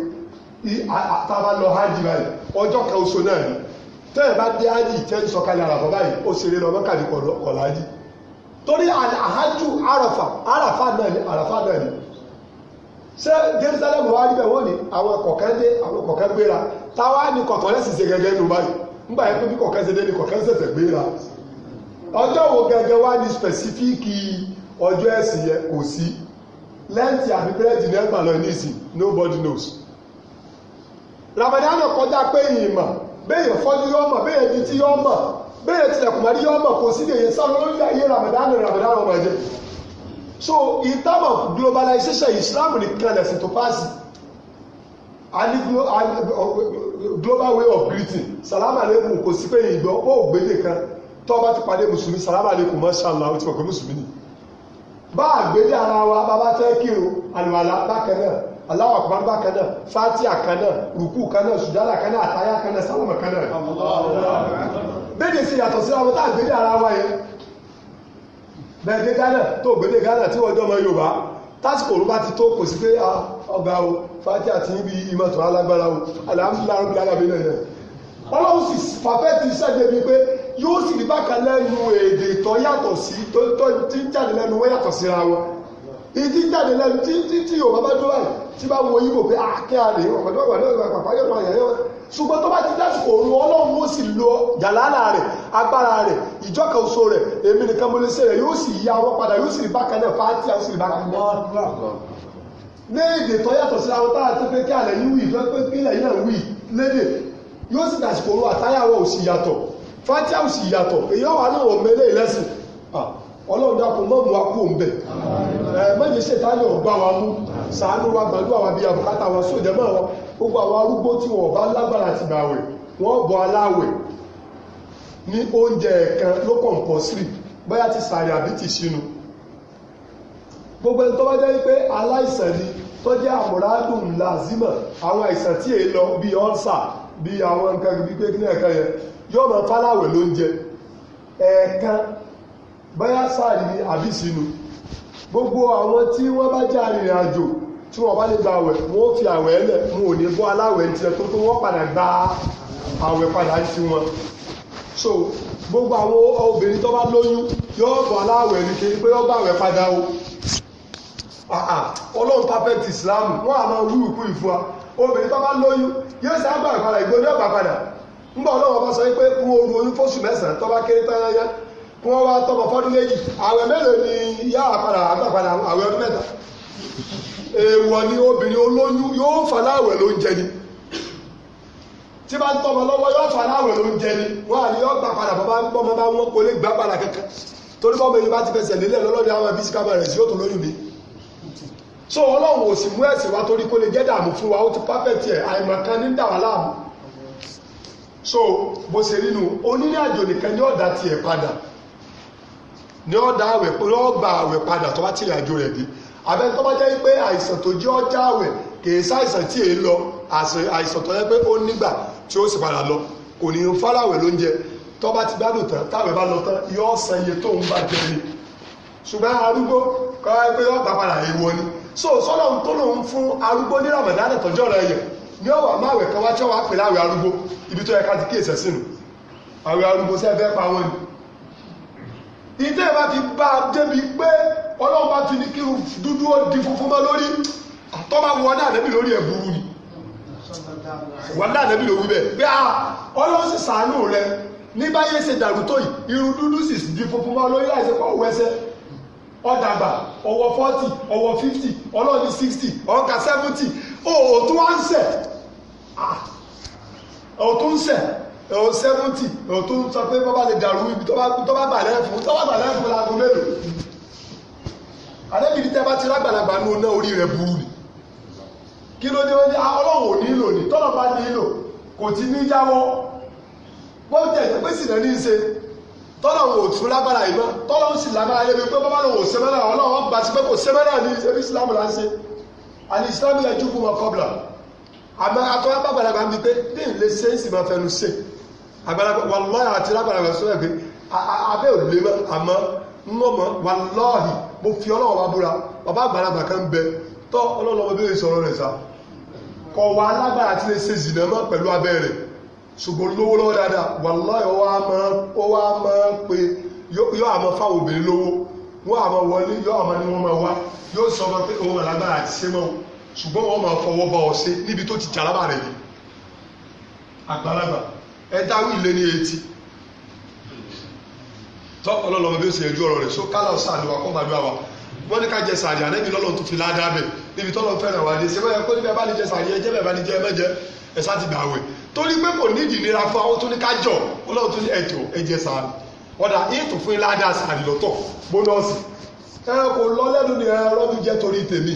àtàbà lọ hajj báyìí ọjọ́ kan oṣù náà ni tẹ́ẹ̀ bá dé hajj tẹ́ ń sọ kalẹ̀ àràfọ̀ báyìí ó ṣeré lọ mọ́kàlì kọ̀ọ̀lá hajj torí àhájú àràfà àràfà náà ni àràfà náà ni ṣé Jerusalem wà níbẹ̀ wọ́n ni àwọn kọ̀ọ̀kan dé àwọn kọ̀ọ̀kan gbéra táwa ni ṣe gẹ́gẹ́ nù báyìí pé bí ṣe dé ni ṣẹ̀ṣẹ̀ gbéra ọjọ́ wo gẹ́gẹ́ wá ní spẹ̀sífíìkì ọjọ́ ẹ̀sìn yẹn kò sí lẹ́ǹtì àbí bírẹ́dì lẹ́gbàá lọ ní nobody knows Ramadan kọjá pé ìmọ̀ béèyàn fọ́jú yọ ọmọ béèyàn di tí yọ ọmọ béèyàn tilẹ̀kùn yọ ọmọ kò sí lè yẹn sálọ lórí ayé Ramadan Ramadan ọmọ ẹ̀jẹ̀ so in terms of globalization Islam nìkan lẹ̀sìn tó pàṣẹ and global way of greeting salama aleikum kò sí pé ìgbọ́ ó gbédè kan tó bá ti pàdé mùsùlùmí sàlámà lè kù mọ́ ṣàlá ó ti mọ̀ pé mùsùlùmí ni bá àgbélé ara wa bàbá fẹ́ kírun àlùwàlá bákan náà Allahu akbar bákan náà fátíà kan náà rùkú kan náà sùjádà kan náà àtàyà kan náà sálámà kan náà bẹ́ẹ̀ sì yàtọ̀ sí àwọn tá àgbélé ara wa yẹn bẹ́ẹ̀ dé Ghana tó gbélé Ghana tí wọ́n jọmọ Yorùbá tásìkò òru bá ti tó kò sí pé ah, ọgbà o fátíà ti ń bi ìmọ̀tò alágbára o alhamdulilayi rabbil alamin ọlọ́run sì fàfẹ́ ti ṣẹ́gbẹ́ bíi pé yóò sì rí bákan lẹ́nu èdè tó yàtọ̀ sí tó tí ń jáde lẹ́nu wọ́n yàtọ̀ síra wọn ìdí jáde lẹ́nu tí tí tí yóò bá bá dúró ẹ̀ tí bá wo yíbo pé àkẹ́ àlè ọ̀pọ̀lọpọ̀ pàpà yóò máa yẹ̀yẹ́ ṣùgbọ́n tó bá ti dásìkò òru ọlọ́run ó sì lo jàlálà rẹ̀ agbára rẹ̀ ìjọkànso rẹ̀ èmi nìkan mo lè ṣe rẹ̀ yóò sì yá wọ́n padà yóò sì rí bákan náà fáátì àwọn sì rí bákan náà ní èdè tó yàtọ̀ sí àwọn tára tó pé kí àlẹ́ yìí wì tó pé kí ilẹ̀ yìí náà wì lédè yóò sì dásìkò òru àtàyàwó ò sì yàtọ̀ fatia sì yàtọ̀ èyí ọ̀wà náà mele mẹ́lẹ́ ìlẹ́sìn ah, ọlọ́run dákun mọ́ mu akú òun bẹ̀ ẹ eh, mẹ́jẹ ṣètàlẹ̀ wa mú sàánú wa wa wa gbogbo àwọn arúgbó tí wọn bá lágbára àti gbàwẹ̀ wọn bọ aláwẹ̀ ní oúnjẹ ló ti sàárẹ̀ ti gbogbo ẹni tó bá pé aláìsàn ni àwọn àìsàn tí bí àwọn nǹkan pé kí nǹkan yẹn yóò máa fáláwẹ̀ lóúnjẹ ẹ̀ẹ̀kan bóyá sáàrì ní gbogbo àwọn tí wọ́n bá jẹ́ arìnrìn àjò tí wọ́n bá lè gba wọ́n fi àwẹ̀ ẹlẹ̀ wọn ò ní bọ́ aláwẹ̀ ti tó tó wọ́n wọn so gbogbo àwọn obìnrin tó bá lóyún yóò bọ́ aláwẹ̀ ní kiri pé Ah, ah. ọlọ́run perfect islam wọ́n àná olúùkú ìfún obìnrin tó bá lóyún yóò ṣe àgbà àpàdà ìgbóni ọ̀pá padà ńgbà bá sọ pé kún oru oyún fóṣù mẹ́sàn-án tó bá kéré tán yá kún tọmọ fọ́dún méjì àwẹ̀ ni yá àpàdà àwẹ̀ ọdún mẹ́ta èèwọ̀ ni obìnrin olóyún yóò fà láwẹ̀ ló ń jẹ ni tí bá ń tọmọ lọ́wọ́ yóò fà láwẹ̀ ló ń jẹ ni wọ́n àní yóò gbà padà bọ́mọ bá kò lè gbà so ọlọ́run ò sì mú ẹ̀sìn wá torí kó lè jẹ́ dààmú ti perfect ẹ̀ àìmọ̀kan ní so bó ṣe rí nu àjò nìkan ní ọ̀dà tiẹ̀ padà ní ọ̀dà àwẹ̀ pé ọgbà àwẹ̀ padà tó bá tìrìn àjò rẹ̀ dé abẹ́ni tó bá jẹ́ pé àìsàn tó jẹ́ ọjà àwẹ̀ pé ó nígbà tí ó sì lọ kò ní fáráwẹ̀ tó bá ti gbádùn tán táwẹ̀ bá lọ tán yóò ṣùgbọ́n arúgbó kọ́ ẹ pé so sọ́lọ́ ń tó lòun fún arúgbó ní ramadan tọ́jọ́ rẹ̀ yẹ ní ọ̀wà máwẹ̀ kan wá tí wọ́n á pè láwẹ̀ arúgbó ibi tó yẹ ká ti kí èsẹ̀ sínú àwẹ̀ arúgbó sẹ́fẹ́ pa wọn ni ìdẹ́ bá ti bá a débi pé ọlọ́run bá ti ní kí dúdú ó di funfun mọ́ lórí tó bá wọ náà lẹ́bí lórí ẹ̀ burú ni wọ́n náà lẹ́bí lórí bẹ́ẹ̀ pé a ah, ọlọ́run sì sàánú rẹ ní báyé ṣe dàrú tó yìí irun dúdú sì di ọ̀dàgbà ọwọ́ forty ọwọ́ fifty ọlọ́ọ̀ni sixty ọ̀ọ́ka seventy o tún wá ń sẹ̀ ah, o tún ń sẹ̀ o seventy o tún sọ pé bọ́bá lè dàrú ibi tó bá bà lẹ́fún tó bá bà lẹ́fún láago mélòó àdébìrì tẹ́ bá ti rágbàlagbà ní oná orí rẹ̀ burú ni kí ló dé wọ́n ní ah, ọlọ́run ò nílò ní tọ́lọ̀ bá nílò kò ti ní jáwọ́ bọ́ọ̀tẹ̀ pèsè rẹ̀ ní í ṣe tọ́lọ̀ wò tún lágbára yìí mọ́ tọ́lọ̀ ń sì lágbára yẹn pé bọ́bá lòun ò sẹ́mẹ́rà ọlọ́run gba sí pé kò sẹ́mẹ́rà ní ìṣẹ́bí islam là ń ṣe àní islam yẹn jù fún wọn kọ́bùlà àmọ́ akọ́ àgbàlagbà ń bi pé ní ìlé sẹ́ǹsì máa fẹnu ṣe àgbàlagbà wàlọ́ọ̀yà àti lágbàlagbà sọ́yà pé abẹ́ òlé mọ́ àmọ́ ń wọ́n mọ́ wàlọ́ọ̀hì mo fi ọlọ́run wa búra bàbá àgbàlagbà kan bẹ tọ́ ọlọ́run ọmọ bí ṣùgbọ́n lówó lọ́wọ́ dáadáa wàláhì ó wá máa ń pe yóò àmọ́ fáwọn obìnrin lówó wọ́n àmọ́ wọlé yóò àmọ́ ni wọ́n máa wá yóò sọ fún pé òun àlágbára àti sẹ́mọ̀ ṣùgbọ́n wọ́n máa fọwọ́ bá ọ ṣe níbi tó ti jàlábà rẹ̀ ni àgbàlagbà ẹ dáwọ́ ilé ní etí tọ́ ọlọ́lọ́mọ bí ó ṣe yanjú ọ̀rọ̀ rẹ̀ so kálọ̀ sáà ni wà kọ́ bàdúrà wa wọ́n ní ká jẹ sàárì ànẹ́bí lọ́lọ́ tó fi ládàá bẹ̀ níbi tọ́lọ́ fẹ́ràn wá dé ṣé bẹ́ẹ̀ kó níbẹ̀ bá lè jẹ sàárì ẹjẹ́ bẹ́ẹ̀ bá lè jẹ ẹmẹ́jẹ ẹ̀sá ti gbà wẹ̀ torí pé kò ní ìdìnira fún àwọn tó ní ká jọ ọlọ́run tó ní ẹ̀jọ̀ ẹjẹ sàárì ọ̀dà ètò fún ládàá sàárì lọ́tọ̀ bónọ́ọ̀sì ẹ kò lọ lẹ́nu ni ẹ̀rọ mi jẹ́ torí tèmi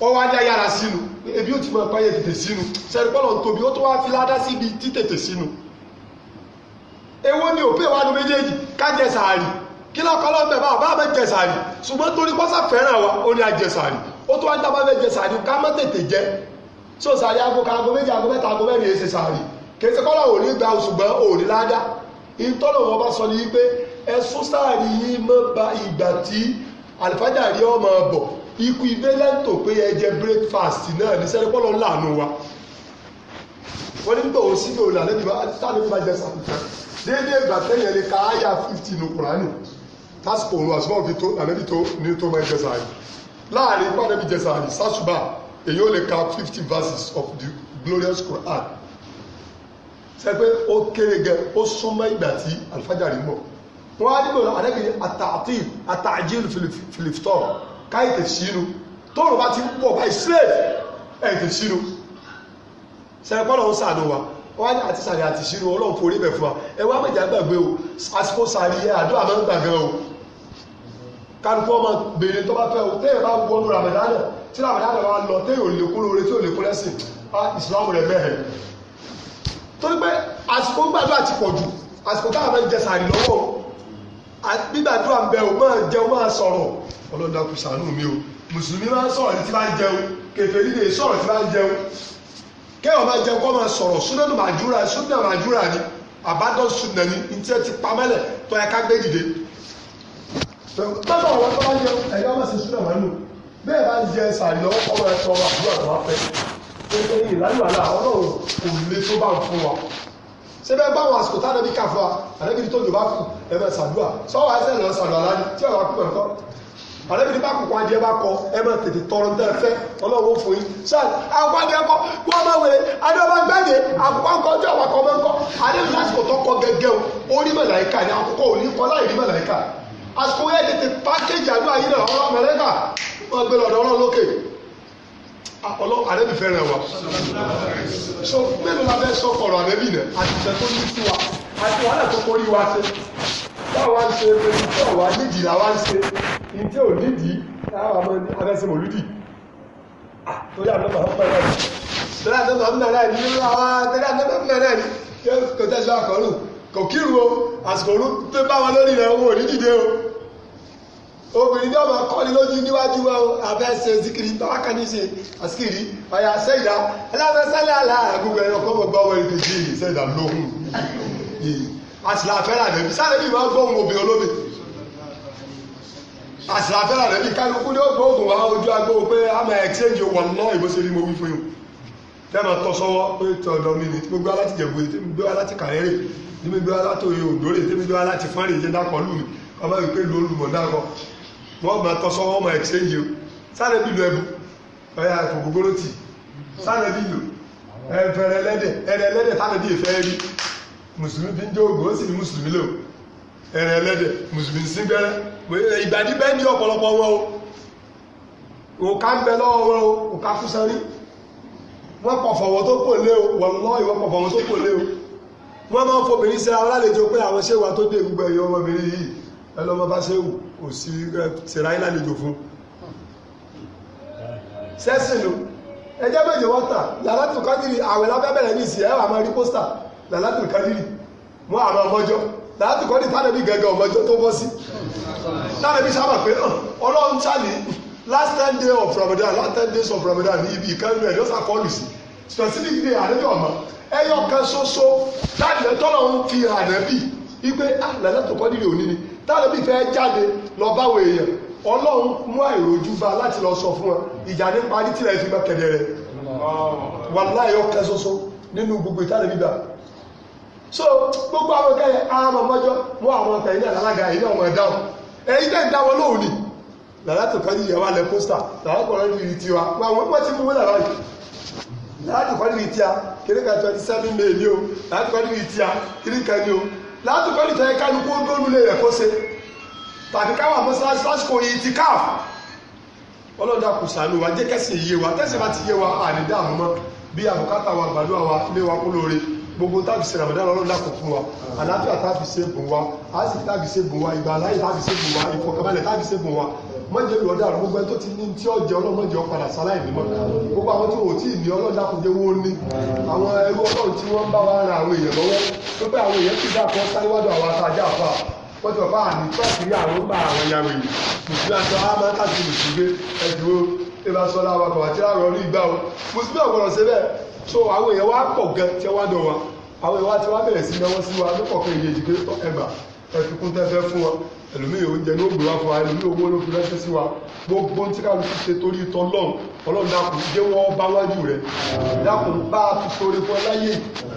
ó wá dá yára sínú ebi ó ti mọ ẹ̀pá yẹ tètè sínú sẹ́ni pọ́lọ̀ ń tóbi ó tó kí lọ́kọ́ lọ́bẹ̀ bá ọba àbẹ̀ wa ó ní àjẹsàrí ó tó wá ń dábàá bẹ́ jẹsàrí ká má tètè jẹ so sàrí aago ká aago méjì aago mẹ́ta aago mẹ́rin èsì sàrí kì í ba ìgbà tí àlùfáàjà rí ikú ibẹ̀ lẹ́ńtò pé ẹ breakfast náà ní sẹ́ni pọ́lọ́ láàánú wa wọ́n ní gbọ̀ òsì ní òòlà lẹ́bi bá sáré bá jẹ sàrí ìgbà tẹ́yẹ̀ lè ka áyà fifty nù tásìkò òun àṣùbà òfin tó ànẹ́bí tó ní tó máa ń jẹ sàárì láàrin ipá ànẹ́bí jẹ sàárì sásùbà èyí ó lè ka fifty verses of the glorious Quran ṣe pé ó kéré gẹ ó súnmọ́ ìgbà tí àlùfájà rí mọ̀ wọ́n á nígbà ànẹ́bí àtàtì àtàjìn filifitọ́ káyìtì sínú tóòrùn bá ti ń pọ̀ báyìí slave ẹ̀yìtì sínú ṣe pọ́nà ń sàánú wa wọ́n àti sàárì àti sínú ọlọ́run forí bẹ̀ fún wa ẹ wá mẹ́jà gbàgbé o àsìkò sàárì àdúrà máa ń gbàgbé o kálukú ọmọ bèrè tó bá fẹ́ o téèyàn bá wọnú ramadana tí ramadana bá lọ téèyàn ò lè kú lóore tí ò lè kú lẹ́sìn á ìsìlámù rẹ̀ mẹ́hẹ̀ torí pé àsìkò gbàdúrà ti pọ̀ jù àsìkò káwọn máa ń jẹ sàrì lọ́wọ́ gbígbàdúrà ń bẹ ò máa jẹun máa sọ̀rọ̀ ọlọ́dàkù ṣàánú mi o mùsùlùmí máa ń sọ̀rọ̀ tí bá ń jẹun kèfèrí lè sọ̀rọ̀ tí bá ń jẹun kẹ́wọ̀n máa jẹun kọ́ máa sọ̀rọ̀ súnánù màjúra súnánù màjúra ni àbádọ́ súnà ni ní tí ẹ ti pamẹ́lẹ̀ tó ẹ ká gbé dìde tọ́lọ̀ wọn tó bá jẹ ẹ̀yọ́ máa ṣe súnà màálù bẹ́ẹ̀ bá jẹ sàrí lọ́wọ́ kọ́ máa tọrọ àdúrà tó wá fẹ́ nítorí ìlànà ọlọ́run kò lè tó bá ń fún wa ṣé bẹ́ẹ̀ bá wọn àsìkò tánàbí kà fún wa àdébìrì tó jò bá kù ẹ bẹ́ẹ̀ sàdúrà sọ́wọ́ ẹsẹ̀ lọ sàdúrà láti tí ọ̀rọ̀ akú ẹ̀kọ́ àdébìrì bá kùkù ajẹ́ bá kọ ẹ máa tètè tọrọ tẹ́ fẹ́ ọlọ́run ó fún yín ṣáà àwọn ajẹ́ kọ́ kí wọ́n máa wẹ̀rẹ̀ adéwọ́n gbẹ́dẹ̀ àkùkọ́ ńkọ́ tí ọ̀wà kọ́ máa ń kọ́ àdébìrì lásìkò tó kọ gẹ́gẹ́ o ó rí màláìka ni àkùkọ́ ò ní kọ́ láì rí màláìka àsìkò yẹn tètè pákéjì àdúrà yìí náà ọlọ́ mẹ́lẹ́kà wọ́n gbé lọ́dọ̀ ọlọ́ lókè ọlọ́ àrẹ́bì fẹ́ràn wa so mélòó la fẹ́ sọ fọ̀rọ̀ àrẹ́bì náà àtìṣe tó ní sí wa àti wàhálà tó kórí wa ṣe táwa ń ṣe pé ìtí ọ̀wá nídìí làwa ń ṣe ìtí ò nídìí táwa mọ ní abẹ́sẹ̀ mòlúdì torí àdúgbò àwọn ọmọ ẹ̀rọ yìí torí àdúgbò àwọn ọmọ ẹ̀rọ yìí torí àdúgbò àwọn ọmọ ẹ̀rọ yìí kò kírun o àsìkò òru tó bá wọn lórí rẹ̀ owó onídìde o obìnrin náà máa kọ́ni lójú níwájú wa o abẹ́sẹ̀ zikiri báwa kan ní ṣe àsìkiri ọ̀yà sẹ́yìdá aláfẹ́sẹ́lẹ̀ aláàgùnkùn ẹ̀rọ kọ́ gbọ́ wọ ètò yìí sẹ́yìdá lóhùn àsìláfẹ́rà rẹ̀ bí sáré bí máa gbóhùn obìnrin olómi àsìláfẹ́rà rẹ̀ bí kálukú ní ó gbóhùn wa ojú agbó pé a máa exchange wọn náà ìbọ́sẹ̀rí mo wí fún yìí tẹ́lẹ̀ tọ́ sọ́wọ́ pé tọ̀dọ̀ mi ni gbogbo alátìjẹ̀gbẹ̀ gbogbo alátìkàrẹ́rẹ́ tèmi gbé wá látòye òdòrè tèmi gbé wá láti fọ́nrì ìjẹ́ dákọ̀ lù mí ọmọ mi pé lu olùmọ̀ dákọ̀ wọ́n máa tọ́ sọ́wọ́ ọmọ ẹ̀kṣẹ́ǹjì o sáré bílò ẹ̀bù ọ̀yà kòkòrò tì sáré bílò ẹ̀fẹ̀rẹ̀ ẹlẹ́dẹ̀ ẹ̀rẹ̀ ẹlẹ́dẹ̀ sáré bí ìfẹ́ rí mùsùlùmí fi ń jẹ́ ògùn ó sì ní mùsùlùmí lò ẹ̀rẹ̀ ẹlẹ́dẹ̀ mùsùlùmí sí gbẹ́rẹ́ ìgbàdí bẹ́ẹ̀ ní ọ̀pọ̀lọpọ̀ wọn o òkà ń bẹ lọ́wọ́ wọn o òkà fúsanrí wọ́n pọ̀ fọ̀wọ́ tó pò lé o wọ́n lọ́ ìwọ́n pọ̀ fọ̀wọ́ tó pò lé o wọ́n máa ń fobìnrin síra wọn lálejò pé àwọn ṣéwà tó dé gbogbo ẹ̀yọ ọmọbìnrin yìí ẹlọ́mọ bá ṣéwù kò sí síra yín lálejò fún sẹ́sìnù ẹjẹ́ méje wọ́ta làlátù kádìrì àwẹ̀ lábẹ́bẹ̀rẹ̀ ní ìsìn ẹwà máa rí pósítà làlátù kádìrì mọ́ àwọn ọmọjọ́ làlátù kọ́dì tánàbí gẹ̀gẹ̀ ọmọjọ́ tó bọ́ sí tánàbí sábà pé ọlọ́run chálì last ten day of Ramadan last ten days of Ramadan ní ibi ìkẹ́lú ẹ̀ lọ́sàkọ́lù sí specific day àdébí ọ̀mọ́ ẹyọ kan ṣoṣo táàbí tọ́lọ̀ ń fi ànábì wípé àlàlẹ́ ah, tó kọ́ nílé òní ni táàbí fẹ́ jáde lọ báwo èèyàn ọlọ́run mú àìrójú bá láti lọ sọ fún wọn ìjà ní parí tí lẹ́yìn fi mọ́ kẹ̀dẹ̀ rẹ̀ wàláhì ẹyọ kan ṣoṣo nínú gbogbo ìtàlẹ́bí bá so gbogbo àwọn kẹyẹ àmọ́ mọ́jọ́ mú àwọn ọ̀tẹ̀ ilé àlága ilé ọmọ ẹ̀dáhùn ẹ̀yìn tẹ̀ ń dáwọ́ lóhùn ni làlátò kan yìí yẹ wà lẹ́ pósítà làlákọ̀ọ́ rẹ̀ rí ti wa wọn ti mú wọn làlá yìí láti kọ́ni ní tíya kiri ka twenty seven may ni o láti kọ́ni ní tíya kiri ka ni o láti kọ́ni tọ́ ẹ̀ka ni kó dóòlù lè rẹ̀ kó se tàbí káwọn mọ́sálásí lásìkò yìí ti káf ọlọ́dà kù sànù wa jẹ́ kẹ́sìn yé wa tẹ́sìn bá ti yé wa àní dààmú mọ́ bí àbùkátà wa gbàdúrà wa ilé wa kó lóore gbogbo tábì ṣe ramadan lọ́rùn lákò fún wa àlàáfíà tábì ṣe wa àásì tábì ṣe wa ìgbà aláyè tábì ṣe wa ìfọkànbalẹ̀ tábì ṣe wa mọ́jẹ̀lú ọ̀dà gbogbo ẹni tó ti ní tí ọ̀jẹ̀ ọlọ́mọ̀jẹ̀ ọ̀padà sáláì mímọ́ gbogbo àwọn tí wò tí ì ní kò jẹ́ wọ́n ní àwọn ẹrú ọlọ́run tí wọ́n bá wa ra àwọn èèyàn lọ́wọ́ tó bẹ́ àwọn èèyàn ti dá àpọ̀ sáríwájú àwọn àtàjà àfà wọ́n ti bàbá àmì tọ́ọ̀kì àwọn gbà àwọn àti ẹlòmíì oúnjẹ ní ògbé wá fún wa ẹlòmíì owó ló fi ránṣẹ́ sí wa gbogbo tí ká ló ti ṣe torí ìtọ́ lọ́n ọlọ́run dákun jẹ́ wọ́n bá wájú rẹ̀ dákun bá a fi sórí fún láyé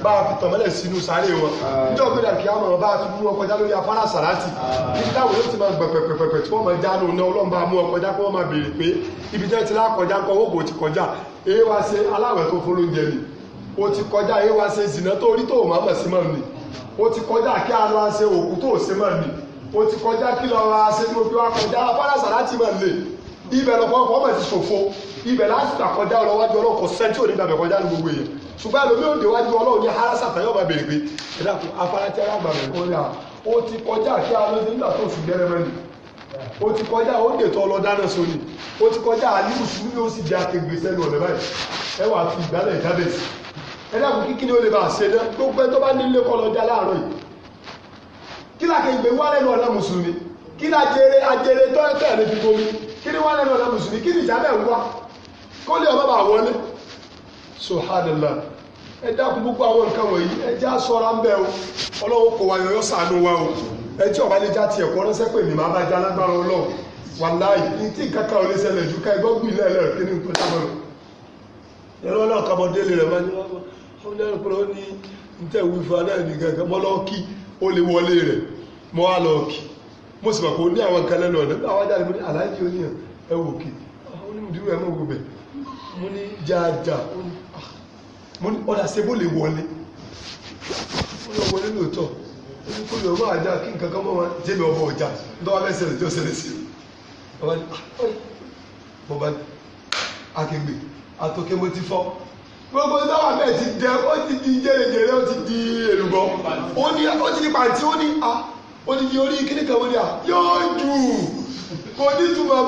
bá a fi tọ̀mọ́lẹ̀ sínú sáré wọn níjọ́ pé dàkí àmọ̀ bá a fi mú ọkọjá lórí afárá sàrátì níbi táwọn yóò ti máa gbọ̀n pẹ̀pẹ̀pẹ̀pẹ̀ tí wọ́n máa já lóun náà ọlọ́run bá a mú ọkọjá kí wọ́n máa béèrè pé ibi tẹ́ ti lákọjá ńkọ́ owó kò ti kọjá èé wá ṣe aláwẹ̀ tó fún lóúnjẹ ni o ti kọjá èé wá ṣe zìnà tó rí tó màmá sí mọ́ ni o ti kọjá kí a lọ o ti kọjá kí lọ ra ṣe ní ojú akọjá afárásà láti máa lè ibẹ̀ lọ́pọ̀ ọkọ̀ ọmọ ti ṣòfò ibẹ̀ láti àkọjá ọlọ́wájú ọlọ́kọ̀ sẹ́ńtì òní ìdàbẹ̀ kọjá ní gbogbo èèyàn ṣùgbọ́n àlọ́ mìíràn déwájú ọlọ́run ní harasa tayọ́ máa bèrè pé ẹ̀dá kò afárátí arágbà bẹ̀rẹ̀ o ti kọjá kí alóde nígbà tó sì gẹ́rẹ́ mẹ́rin o ti kọjá ó dè tọ́ lọ dáná sóni o ti kọjá àlíwù sùúrù yóò sì jẹ akégbè sẹ́nu ọ̀lẹ́ báyìí ẹ wà fi ìgbálẹ̀ ìjábẹ̀ sí ẹ̀dá kò kíkiri ó lè bá a ṣe náà gbogbo ẹ tó bá nílé kọ́ lọ já láàárọ̀ yìí kí làkè ìgbé wà lẹ́nu ọ̀nà mùsùlùmí kí làjèrè àjèrè tọ́tọ̀ lè fi bomi kí ni wà lẹ́nu ọ̀nà mùsùlùmí kí ìjábẹ̀ wá kó lè ọmọ bà wọlé subhanallah ẹ dákun gbogbo àwọn nǹkan wọ̀nyí ẹ sọ́ra ń bẹ́ o ọlọ́wọ́ kò wá sànú wa o lè já tiẹ̀ kọ́ pé mi máa bá já lágbára ní tí ò lè ju ká ó lè wọlé rẹ̀ mo wá lọ kì mo sì mọ̀ pé ó ní àwọn nǹkan lẹ́nu àwọn ajáde mo ní oníyàn ẹ wò kì ah, ó gbogbo ẹ̀ ní jaja ah. mo ní ọ̀dà ṣe bó wọlé wọlé lóòótọ́ ó ọmọ àjà kí nǹkan kan mọ́ gbogbo táwọn bẹ́ẹ̀ ti dẹ ó ti di jẹrẹjẹrẹ ó ti di èlùbọ́ ó ní ó ti di pàǹtí ó ní a ó ti di orí kíní kan a yóò jù kò ní túmọ̀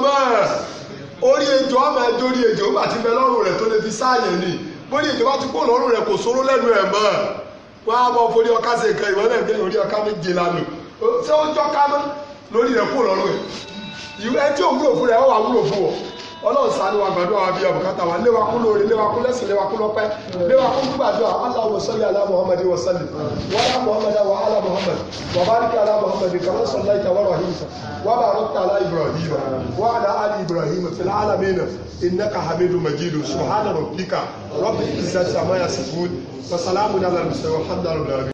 orí ejò á máa dórí ejò ni bórí ejò bá ti kó lọ́rùn rẹ̀ kò sóró lẹ́nu ẹ̀ mọ́ wọn á bọ forí ọká ṣe nǹkan ìwọ́n náà orí ọká méje lánàá ṣé ó jọ́ ká ọlọ́run ṣàánú wa gbàdúrà wa bí àbùkátà wa léwa kú lóore léwa kú lẹ́sìn léwa kú lọ́pẹ́ léwa kú gbàdúrà aláwọ̀ sọ́lẹ̀ alá muhammadu wa sálẹ̀ muhammadu wa alá muhammadu wa bárikà muhammadu kàmá sọ̀lá ìtawà rahim wa bàrọ̀kà alá ibrahim wa alá alí ibrahim fìlà alamina innaka hamidu majidu subhana rabbika rabbi izzati amma yasifun wa salamun ala al-mursalin walhamdulillahi